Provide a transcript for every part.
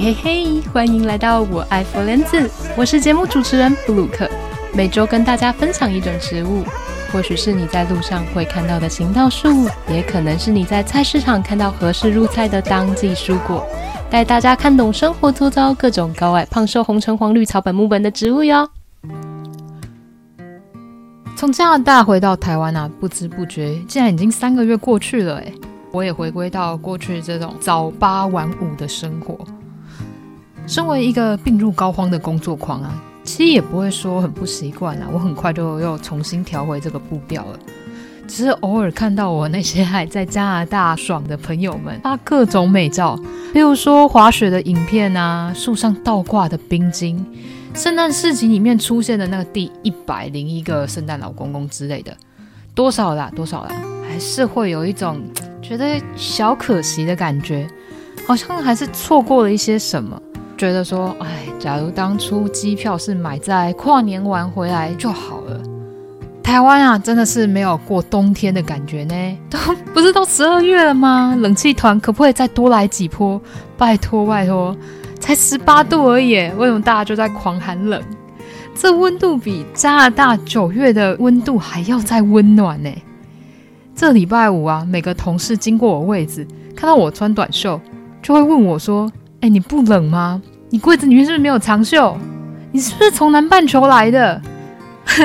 嘿、hey, 嘿、hey, hey，歡迎來到我愛佛蓮子，我是節目主持人布魯克，每周跟大家分享一種植物，或許是你在路上會看到的行道樹，也可能是你在菜市場看到合適入菜的當季蔬果，帶大家看懂生活周遭各種高矮胖瘦紅橙黃綠草本木本的植物喲。從加拿大回到台灣啊，不知不覺竟然已經三個月過去了哎、欸，我也回歸到過去這種早八晚五的生活。身為一個病入膏肓的工作狂啊，其實也不會說很不習慣啦、啊。我很快就又重新調回這個步調了。只是偶爾看到我那些還在加拿大爽的朋友們發各種美照，比如說滑雪的影片啊，樹上倒掛的冰晶，聖誕市集裡面出現的那個第一百零一個聖誕老公公之類的，多少啦，多少啦，還是會有一種覺得小可惜的感覺，好像還是錯過了一些什麼。覺得說，哎，假如當初機票是買在跨年完回來就好了。台灣啊，真的是沒有過冬天的感覺呢。都不是都十二月了嗎？冷氣團可不可以再多來幾波？拜托拜托，才十八度而已，為什麼大家就在狂喊冷？這溫度比加拿大九月的溫度還要再溫暖呢？這禮拜五啊，每個同事經過我位置，看到我穿短袖，就會問我說，哎，你不冷嗎？你櫃子裡面是不是沒有長袖？你是不是從南半球來的？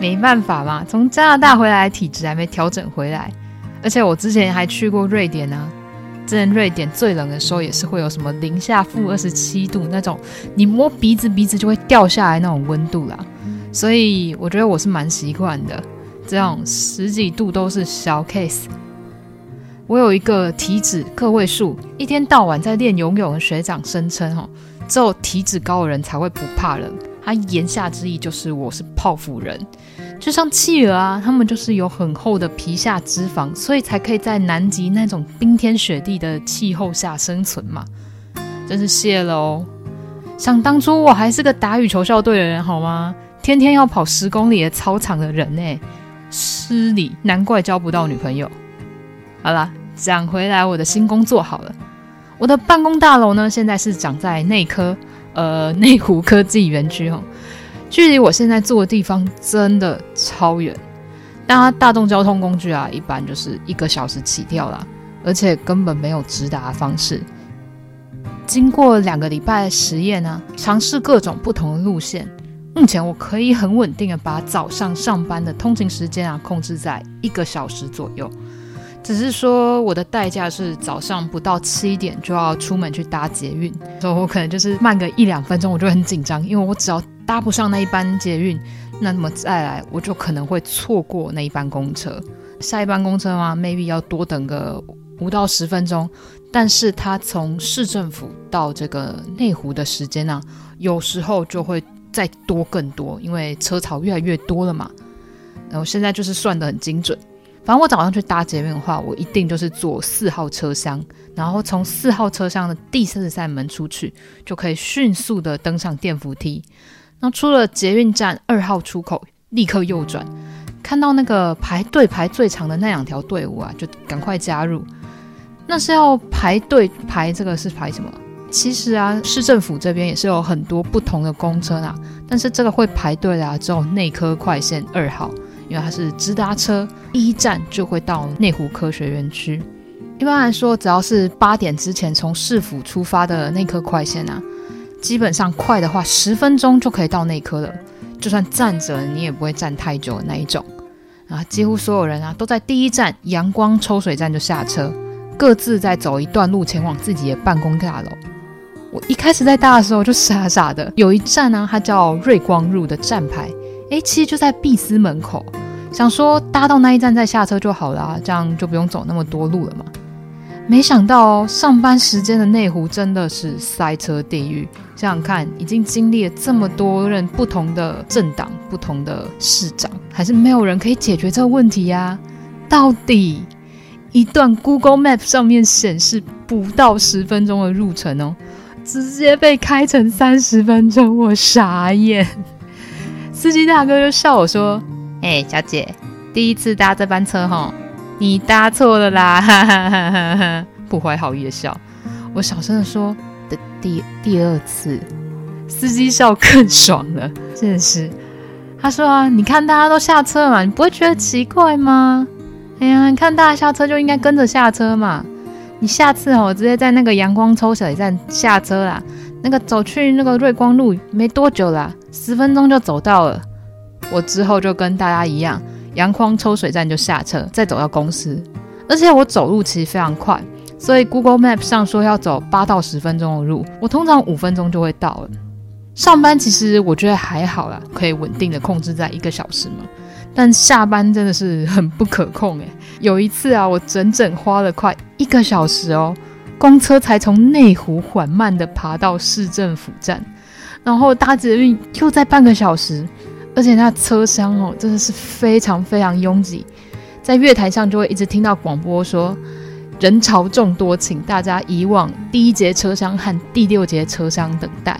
沒辦法嘛，從加拿大回來的體質還沒調整回來，而且我之前還去過瑞典呢、啊。之前瑞典最冷的時候，也是會有什麼零下負二十七度那種，你摸鼻子鼻子就會掉下來那種溫度啦。所以我覺得我是蠻習慣的，這種十幾度都是小 case。我有一個體脂個位數，一天到晚在練游泳的學長聲稱，吼，只有體脂高的人才會不怕冷。他言下之意就是我是泡芙人，就像企鵝啊，他們就是有很厚的皮下脂肪，所以才可以在南極那種冰天雪地的氣候下生存嘛。真是謝了哦。想當初我還是個打羽球校隊的人，好嗎？天天要跑十公里的操場的人呢、欸，失禮，難怪交不到女朋友。好了，講回來，我的新工作好了，我的辦公大樓呢，現在是長在內科，呃，內湖科技園區哦，距離我現在住的地方真的超遠，搭大眾交通工具啊，一般就是一個小時起跳啦，而且根本沒有直達的方式。經過兩個禮拜的實驗呢，嘗試各種不同的路線，目前我可以很穩定的把早上上班的通勤時間啊，控制在一個小時左右。只是說，我的代價是早上不到七點就要出門去搭捷運，所以我可能就是慢個一兩分鐘，我就很緊張，因為我只要搭不上那一班捷運，那麼再來我就可能會錯過那一班公車，下一班公車嘛，maybe 要多等個五到十分鐘，但是它從市政府到這個內湖的時間呢、啊，有時候就會再多更多，因為車潮越來越多了嘛，然後現在就是算得很精準。反正我早上去搭捷運的話，我一定就是坐四號車廂，然後從四號車廂的第四扇門出去，就可以迅速的登上電扶梯。那出了捷運站二號出口，立刻右轉，看到那個排隊排最長的那兩條隊伍啊，就趕快加入。那是要排隊排這個是排什麼？其實啊，市政府這邊也是有很多不同的公車啊，但是這個會排隊的啊，只有內科快線二號。因為它是直達車，第一站就會到內湖科學園區。一般來說，只要是八點之前從市府出發的內科快線啊，基本上快的話十分鐘就可以到內科了。就算站着，你也不會站太久的那一種。啊，幾乎所有人啊都在第一站陽光抽水站就下車，各自在走一段路前往自己的辦公大樓。我一開始在搭的時候就傻傻的，有一站呢、啊，它叫瑞光路的站牌。哎，其實就在碧斯門口，想說搭到那一站再下車就好了，啊，這樣就不用走那麼多路了嘛。沒想到、哦、上班時間的內湖真的是塞車地獄。想想看，已經經歷了這麼多任不同的政黨、不同的市長，還是沒有人可以解決這個問題呀、啊。到底一段 Google Map 上面顯示不到十分鐘的路程哦，直接被開成三十分鐘，我傻眼。司機大哥就笑我說：“哎，小姐，第一次搭這班車吼，你搭錯了啦！”哈哈哈哈哈，不懷好意的笑。我小聲的說：“的第第二次。”司機笑更爽了，真是。他說：“啊，你看大家都下車嘛，你不會覺得奇怪嗎？哎呀，你看大家下車就應該跟着下車嘛。你下次哦，我直接在那個陽光抽水站下車啦。”那個走去那個瑞光路沒多久啦、啊，十分鐘就走到了。我之後就跟大家一樣，陽光抽水站就下車，再走到公司。而且我走路其實非常快，所以 Google Map 上說要走八到十分鐘的路，我通常五分鐘就會到了。上班其實我覺得還好啦，可以穩定的控制在一個小時嘛。但下班真的是很不可控誒、欸。有一次啊，我整整花了快一個小時哦。公車才從內湖緩慢地爬到市政府站，然後搭捷運又再半個小時，而且那車廂哦真的，就是非常非常擁擠，在月台上就會一直聽到廣播說“人潮眾多，請大家移往第一節車廂和第六節車廂等待”，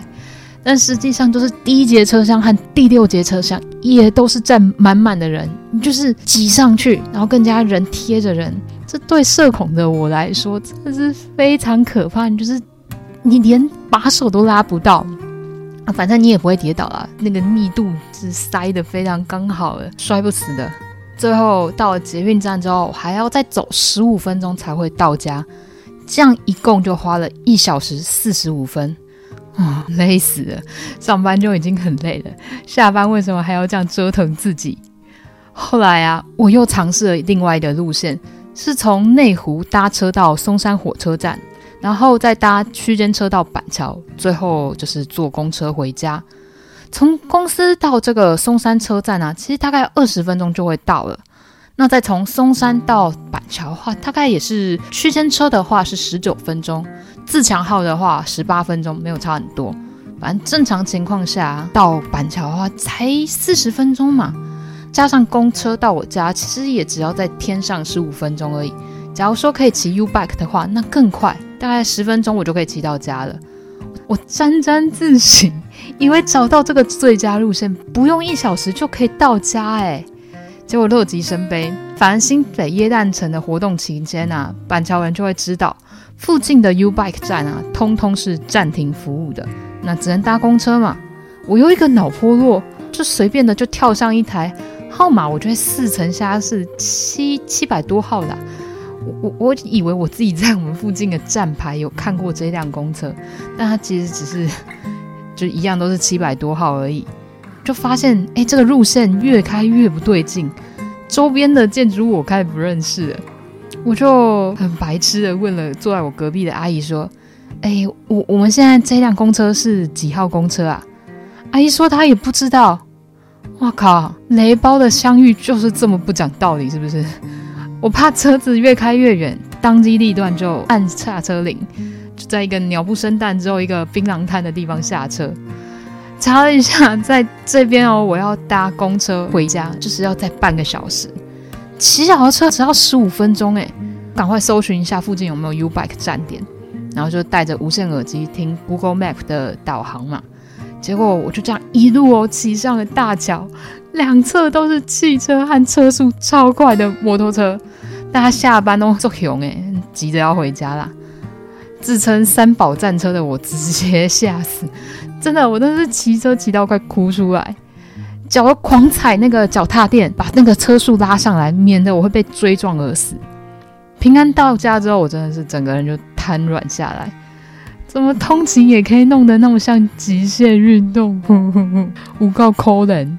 但實際上就是第一節車廂和第六節車廂也都是站滿滿的人，就是擠上去，然後更加人貼着人。這對社恐的我來說真的是非常可怕，就是你連把手都拉不到，啊，反正你也不會跌倒啦。那個密度是塞得非常剛好的，摔不死的。最後到了捷運站之後，還要再走十五分鐘才會到家，這樣一共就花了一小時四十五分，啊、哦，累死了！上班就已經很累了，下班為什麼還要這樣折騰自己？後來啊，我又嘗試了另外的路線。是從內湖搭車到松山火車站，然後再搭區間車到板橋，最後就是坐公車回家。從公司到這個松山車站呢啊，其實大概二十分鐘就會到了。那再從松山到板橋的話，大概也是區間車的話是十九分鐘，自強號的話十八分鐘，沒有差很多。反正正常情況下到板橋的話才四十分鐘嘛。加上公車到我家，其實也只要再添上十五分鐘而已。假如說可以騎 U bike 的話，那更快，大概十分鐘我就可以騎到家了。我沾沾自喜，以為找到這個最佳路線，不用一小時就可以到家哎、欸。結果樂極生悲，反而新北耶誕城的活動期間啊，板橋人就會知道附近的 U bike 站啊，通通是暫停服務的，那只能搭公車嘛。我又一個腦波弱，就隨便的就跳上一台。號碼我覺得似曾相識是七七百多號的、啊，我我我以為我自己在我們附近的站牌有看過這輛公車，但它其實只是就一樣都是七百多號而已，就發現哎，這個路線越開越不對勁，周邊的建築我開始不認識了，我就很白痴的問了坐在我隔壁的阿姨說，哎我我們現在這輛公車是幾號公車啊？阿姨說她也不知道。哇靠！雷包的相遇就是這麼不講道理，是不是？我怕車子越開越遠，當機立斷就按下車鈴，就在一個鳥不生蛋、只有一個檳榔攤的地方下車。查了一下，在這邊哦，我要搭公車回家，就是要再半個小時。騎小車只要十五分鐘，誒，趕快搜尋一下附近有沒有 U Bike 站點，然後就戴着無線耳機聽 Google Map 的導航嘛。結果我就這樣一路哦騎上了大橋，兩側都是汽車和車速超快的摩托車。大家下班都這麼勇哎急着要回家啦。自稱三寶戰車的我直接嚇死，真的，我真的是騎車騎到快哭出來，腳都狂踩那個腳踏墊，把那個車速拉上來，免得我會被追撞而死。平安到家之後，我真的是整個人就癱軟下來。怎麼通勤也可以弄得那麼像極限運動？呵呵呵無告 Colin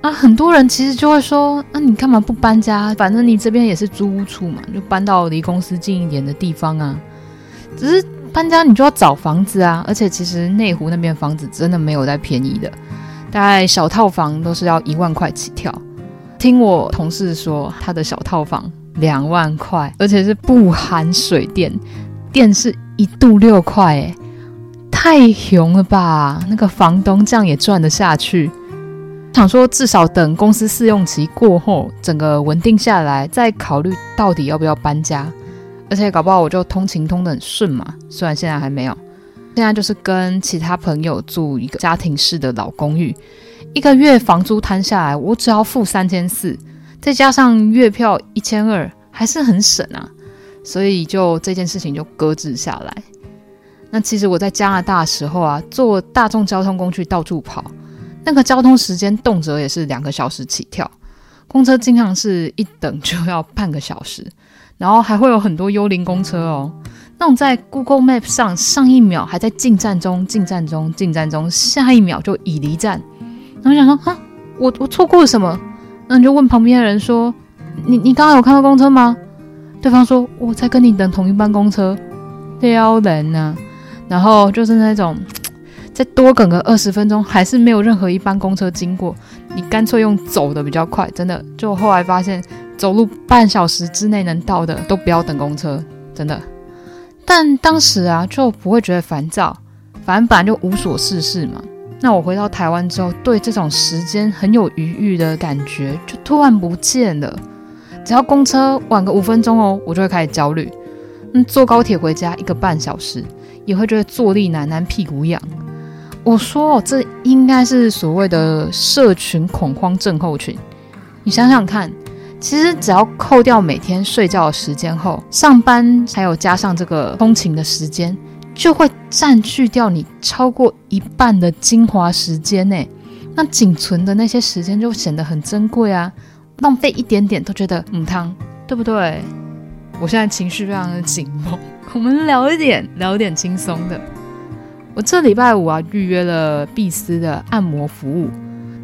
啊，很多人其實就會說，那、啊、你幹嘛不搬家？反正你這邊也是租屋處嘛，就搬到離公司近一點的地方啊。只是搬家你就要找房子啊，而且其實內湖那邊房子真的沒有在便宜的，大概小套房都是要一萬塊起跳。聽我同事說，他的小套房兩萬塊，而且是不含水電、電視。一度六塊，誒，太熊了吧？那個房東這樣也賺得下去？想說至少等公司試用期過後，整個穩定下來再考慮到底要不要搬家。而且搞不好我就通勤通的很順嘛，雖然現在還沒有。現在就是跟其他朋友住一個家庭式的老公寓，一個月房租攤下來我只要付三千四，再加上月票一千二，還是很省啊。所以就這件事情就擱置下來。那其實我在加拿大的時候啊，坐大眾交通工具到處跑，那個交通時間動輒也是兩個小時起跳，公車經常是一等就要半個小時，然後還會有很多幽靈公車哦，那種在 Google Map 上，上一秒還在進站中，進站中，進站中，下一秒就已離站。然後我想說，啊，我我錯過了什麼？那你就問旁邊的人說，你你剛剛有看到公車嗎？對方說：“我在跟你等同一班公車，撩人呢、啊。”然後就是那種再多等個二十分鐘，還是沒有任何一班公車經過。你乾脆用走的比較快，真的。就後來發現，走路半小時之內能到的，都不要等公車，真的。但當時啊，就不會覺得煩躁，反正本來就無所事事嘛。那我回到台灣之後，對這種時間很有餘裕的感覺，就突然不見了。只要公車晚個五分鐘哦，我就會開始焦慮。嗯，坐高鐵回家一個半小時，也會覺得坐立難安，屁股癢。我說哦，這應該是所謂的社群恐慌症候群。你想想看，其實只要扣掉每天睡覺的時間後，上班還有加上這個通勤的時間，就會佔據掉你超過一半的精華時間呢。那僅存的那些時間就顯得很珍貴啊。浪費一點點都覺得母湯，對不對？我現在情緒非常的緊繃，我們聊一點，聊一點輕鬆的。我這禮拜五啊，預約了碧斯的按摩服務。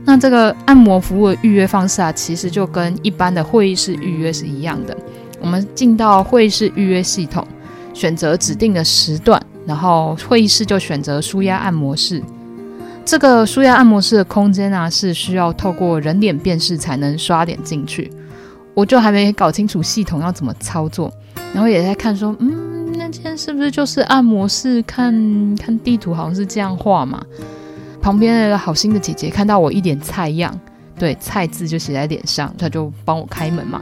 那這個按摩服務的預約方式啊，其實就跟一般的會議室預約是一樣的。我們進到會議室預約系統，選擇指定的時段，然後會議室就選擇舒壓按摩室。這個舒壓按摩室的空間啊，是需要透過人臉辨識才能刷臉進去。我就還沒搞清楚系統要怎麼操作，然後也在看說，嗯，那間是不是就是按摩室？看看地圖，好像是這樣畫嘛。旁邊那個好心的姐姐看到我一臉菜樣，對，菜字就寫在臉上，她就幫我開門嘛。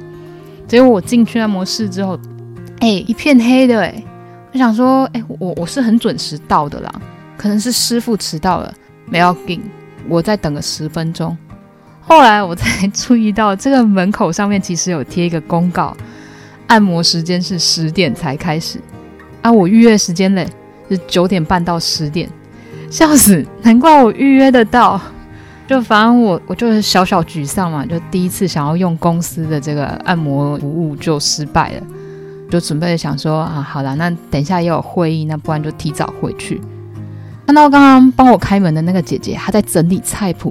結果我進去按摩室之後，哎、欸，一片黑的、欸，哎，我想說，哎、欸，我我，我是很準時到的啦，可能是師傅遲到了。沒有訂，我再等個十分鐘。後來我才注意到，這個門口上面其實有貼一個公告，按摩時間是十點才開始。啊，我預約時間嘞是九點半到十點，笑死！難怪我預約得到，就反正我我就是小小沮喪嘛，就第一次想要用公司的這個按摩服務就失敗了，就準備想說啊，好啦，那等一下也有會議，那不然就提早回去。看到剛剛幫我開門的那個姐姐，她在整理菜圃。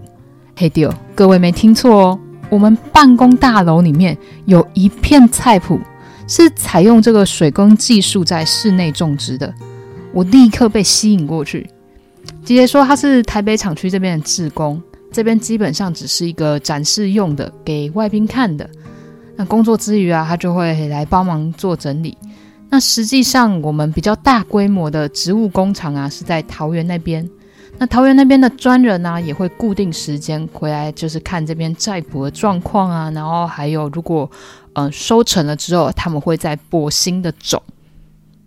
嘿，丟，各位沒聽錯哦，我們辦公大樓裡面有一片菜圃，是採用這個水耕技術在室內種植的。我立刻被吸引過去。姐姐說她是台北廠區這邊的志工，這邊基本上只是一個展示用的，給外賓看的。那工作之餘啊，她就會來幫忙做整理。那實際上，我們比較大規模的植物工廠啊，是在桃園那邊。那桃園那邊的專人呢、啊，也會固定時間回來，就是看這邊栽培狀況啊。然後還有，如果嗯、呃、收成了之後，他們會再播新的種。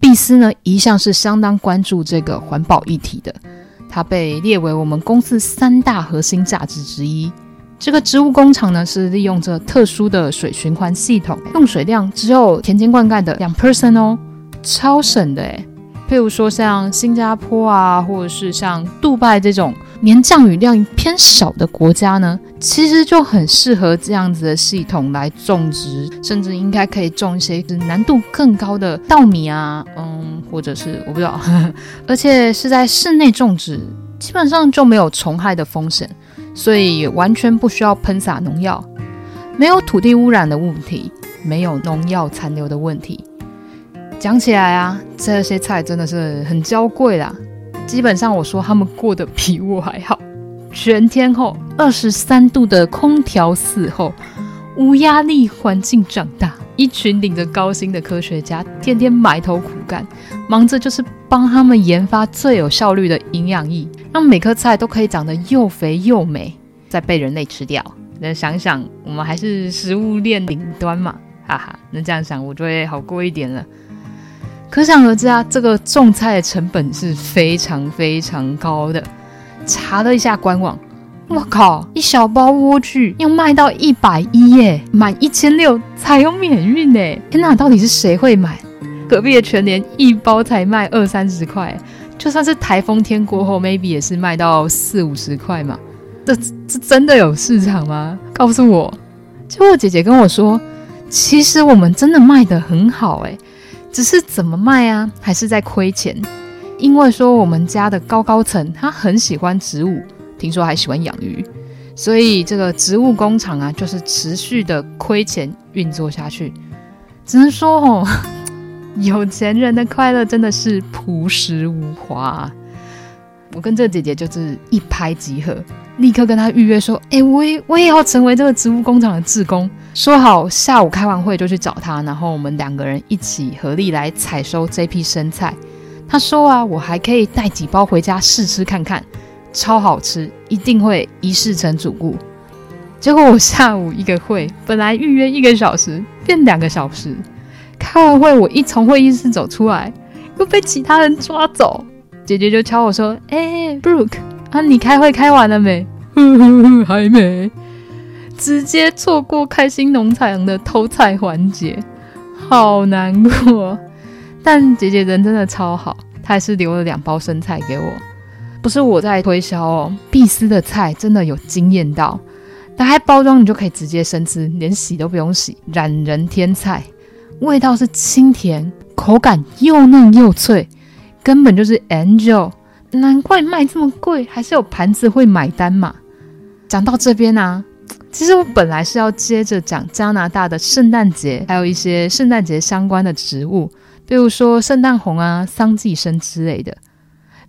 碧斯呢，一向是相當關注這個環保議題的，它被列為我們公司三大核心價值之一。這個植物工廠呢，是利用著特殊的水循環系統，用水量只有田間灌溉的兩 percent 哦，超省的哎。譬如說像新加坡啊，或者是像杜拜這種年降雨量偏少的國家呢，其實就很適合這樣子的系統來種植，甚至應該可以種一些難度更高的稻米啊，嗯，或者是我不知道，呵呵，而且是在室內種植，基本上就沒有蟲害的風險。所以完全不需要噴灑農藥，沒有土地污染的問題，沒有農藥殘留的問題。講起來啊，這些菜真的是很嬌貴啦。基本上我說他們過得比我還好，全天候二十三度的空調伺候，無壓力環境長大，一群領着高薪的科學家，天天埋頭苦幹，忙着就是幫他們研發最有效率的營養液。讓每顆菜都可以長得又肥又美，再被人類吃掉。那想想，我們還是食物鏈頂端嘛，哈哈。那這樣想，我就會好過一點了。可想而知啊，這個種菜的成本是非常非常高的。查了一下官網，我靠，一小包萵苣要賣到一百一耶，滿一千六才有免運呢。天哪，到底是誰會買？隔壁的全聯一包才賣二三十塊。就算是台風天過後，maybe 也是賣到四五十塊嘛？這這真的有市場嗎？告訴我！就我姐姐跟我說，其實我們真的賣得很好誒、欸。只是怎麼賣啊，還是在虧錢。因為說我們家的高高層他很喜歡植物，聽說還喜歡養魚，所以這個植物工廠啊，就是持續的虧錢運作下去，只能說哦。有錢人的快樂真的是樸實無華。我跟這姐姐就是一拍即合，立刻跟她預約說：“哎、欸，我也我也要成為這個植物工廠的志工。”說好下午開完會就去找她，然後我們兩個人一起合力來採收這批生菜。她說：“啊，我還可以帶幾包回家試吃看看，超好吃，一定會一試成主顧。”結果我下午一個會，本來預約一個小時變兩個小時。開完會，我一從會議室走出來，又被其他人抓走。姐姐就敲我說：“哎，欸，Brooke 啊，你開會開完了沒？呵呵呵還沒，直接錯過開心農場的偷菜環節，好難過。”但姐姐人真的超好，她還是留了兩包生菜給我。不是我在推銷哦，碧絲的菜真的有驚豔到，打開包裝你就可以直接生吃，連洗都不用洗，懶人天菜。味道是清甜，口感又嫩又脆，根本就是 Angel，難怪賣這麼貴，還是有盤子會買單嘛。講到這邊呢、啊，其實我本來是要接着講加拿大的聖誕節，還有一些聖誕節相關的植物，比如說聖誕紅啊、桑寄生之類的。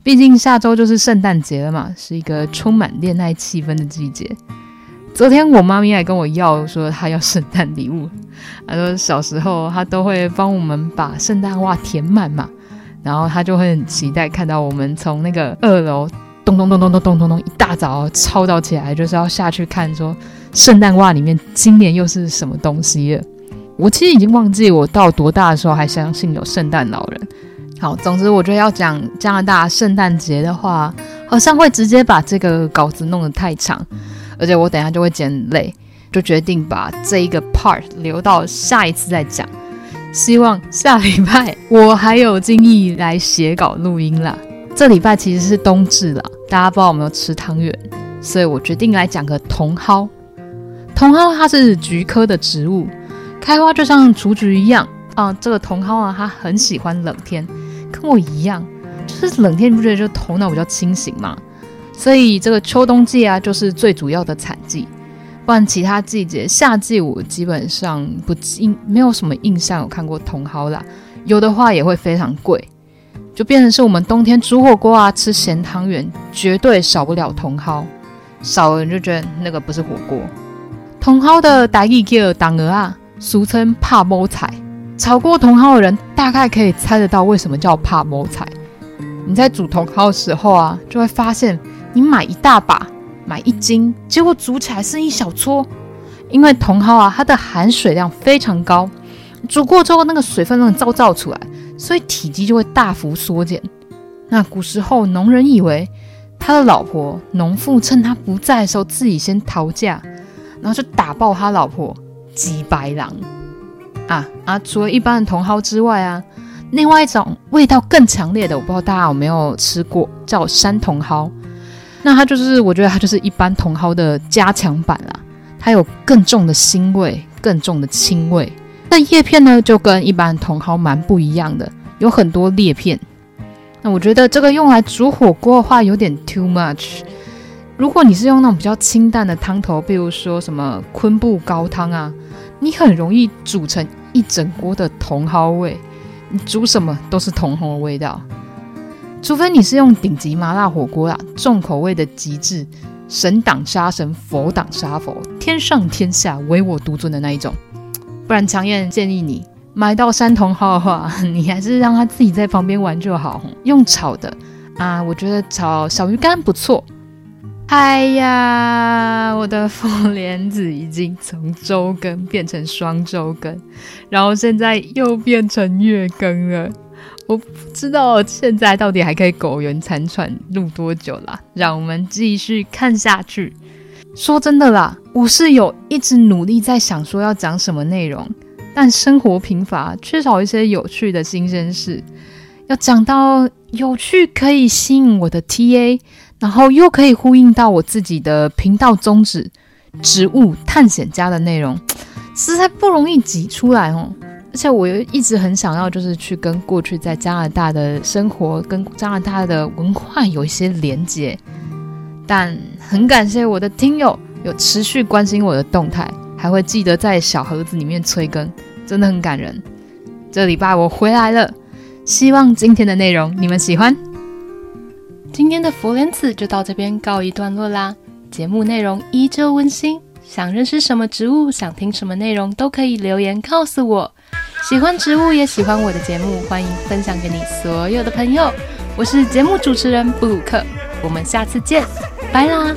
畢竟下周就是聖誕節了嘛，是一個充滿戀愛氣氛的季節。昨天我媽咪還跟我要說她要聖誕禮物，她說小時候她都會幫我們把聖誕襪填滿嘛，然後她就會很期待看到我們從那個二樓咚咚咚咚咚咚咚咚，一大早吵到起來就是要下去看說聖誕襪裡面今年又是什麼東西了。我其實已經忘記我到多大的時候還相信有聖誕老人。好，總之我覺得要講加拿大聖誕節的話，好像會直接把這個稿子弄得太長。而且我等一下就會剪累，就決定把這一個 part 留到下一次再講。希望下禮拜我還有精力來寫稿錄音啦。這禮拜其實是冬至了，大家不知道有沒有吃湯圓，所以我決定來講個茼蒿。茼蒿它是菊科的植物，開花就像雛菊一樣啊、呃。這個茼蒿啊，它很喜歡冷天，跟我一樣，就是冷天你不覺得就頭腦比較清醒嗎？所以這個秋冬季啊，就是最主要的產季，不然其他季節，夏季我基本上不印，沒有什麼印象有看過茼蒿啦。有的話也會非常貴，就變成是我們冬天煮火鍋啊，吃鹹湯圓，絕對少不了茼蒿。少了人就覺得那個不是火鍋。茼蒿的代名詞當額啊，俗稱怕某菜。炒過茼蒿的人大概可以猜得到為什麼叫怕某菜。你在煮茼蒿的時候啊，就會發現。你買一大把，買一斤，結果煮起來是一小撮，因為茼蒿啊，它的含水量非常高，煮過之後那個水分容易造造出來，所以體積就會大幅縮減。那古時候農人以為他的老婆農婦趁他不在的時候自己先逃嫁，然後就打爆他老婆，急白狼啊啊！除了一般的茼蒿之外啊，另外一種味道更強烈的，我不知道大家有沒有吃過，叫山茼蒿。那它就是，我覺得它就是一般茼蒿的加強版啦。它有更重的腥味，更重的青味。那葉片呢，就跟一般茼蒿蠻不一樣的，有很多裂片。那我覺得這個用來煮火鍋的話，有點 too much。如果你是用那種比較清淡的湯頭，比如說什麼昆布高湯啊，你很容易煮成一整鍋的茼蒿味，你煮什麼都是茼蒿的味道。除非你是用頂級麻辣火鍋啊，重口味的極致，神擋殺神，佛擋殺佛，天上天下唯我獨尊的那一種，不然強烈建議你買到茼蒿的話，你還是讓他自己在旁邊玩就好。用炒的啊，我覺得炒小魚乾不錯。哎呀，我的佛蓮子已經從周更變成雙周更，然後現在又變成月更了。我不知道現在到底還可以苟延殘喘錄多久了啊，讓我們繼續看下去。說真的啦，我是有一直努力在想說要講什麼內容，但生活貧乏，缺少一些有趣的新鮮事，要講到有趣可以吸引我的 TA，然後又可以呼應到我自己的頻道宗旨——植物探險家的內容，實在不容易擠出來哦。而且我又一直很想要，就是去跟過去在加拿大的生活，跟加拿大的文化有一些連接。但很感謝我的聽友有持續關心我的動態，還會記得在小盒子裡面催更，真的很感人。這禮拜我回來了，希望今天的內容你們喜歡。今天的佛蓮子就到這邊告一段落啦，節目內容依舊溫馨。想認識什麼植物，想聽什麼內容，都可以留言告訴我。喜歡植物也喜歡我的節目，歡迎分享給你所有的朋友。我是節目主持人布魯克，我們下次見，拜啦！